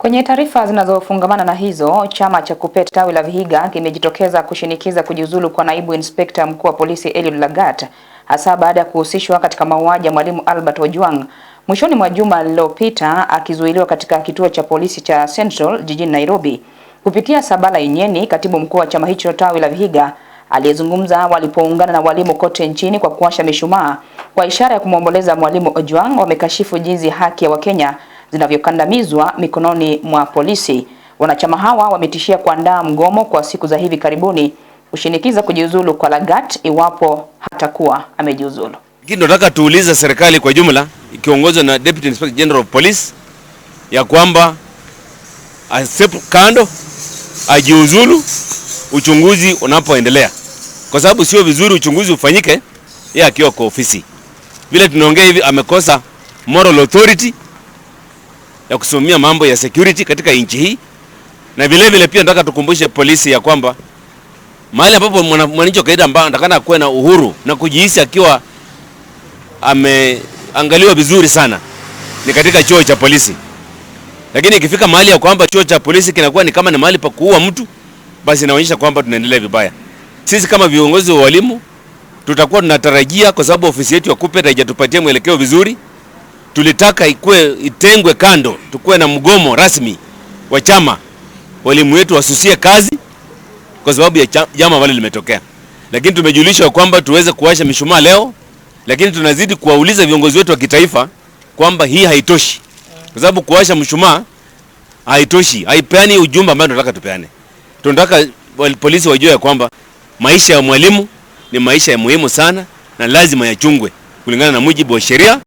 Kwenye taarifa zinazofungamana na hizo, chama cha KUPPET tawi la Vihiga kimejitokeza kushinikiza kujiuzulu kwa naibu inspekta mkuu wa polisi Eliud Lagat, hasa baada ya kuhusishwa katika mauaji ya mwalimu Albert Ojwang mwishoni mwa juma lililopita, akizuiliwa katika kituo cha polisi cha Central jijini Nairobi. Kupitia Sabala Inyeni, katibu mkuu wa chama hicho tawi la Vihiga, aliyezungumza walipoungana na walimu kote nchini kwa kuwasha mishumaa kwa ishara ya kumwomboleza mwalimu Ojwang, wamekashifu jinsi haki ya Wakenya zinavyokandamizwa mikononi mwa polisi. Wanachama hawa wametishia kuandaa mgomo kwa siku za hivi karibuni kushinikiza kujiuzulu kwa Lagat iwapo hatakuwa amejiuzulu. Lakini tunataka tuulize serikali kwa jumla ikiongozwa na Deputy Inspector General of Police ya kwamba asep kando ajiuzulu uchunguzi unapoendelea, kwa sababu sio vizuri uchunguzi ufanyike yeye akiwa kwa ofisi. Vile tunaongea hivi, amekosa moral authority ya kusimamia mambo ya security katika nchi hii, na vile vile pia nataka tukumbushe polisi ya kwamba mahali ambapo mwananchi wa kawaida ambaye anatakana kuwe na uhuru na kujihisi akiwa ameangaliwa vizuri sana ni katika chuo cha polisi, lakini ikifika mahali ya kwamba chuo cha polisi kinakuwa ni kama ni mahali pa kuua mtu, basi inaonyesha kwamba tunaendelea vibaya. Sisi kama viongozi wa walimu tutakuwa tunatarajia, kwa sababu ofisi yetu ya KUPPET haijatupatia mwelekeo vizuri tulitaka ikue, itengwe kando, tukuwe na mgomo rasmi wa chama, walimu wetu wasusie kazi kwa sababu ya jambo ambalo limetokea, lakini tumejulishwa kwamba tuweze kuwasha mishumaa leo, lakini tunazidi kuwauliza viongozi wetu wa kitaifa kwamba hii haitoshi, kwa sababu kuwasha mshumaa haitoshi, haipeani ujumbe ambao tunataka tupeane. Tunataka polisi wajue ya kwamba maisha ya mwalimu ni maisha ya muhimu sana na lazima yachungwe kulingana na mujibu wa sheria.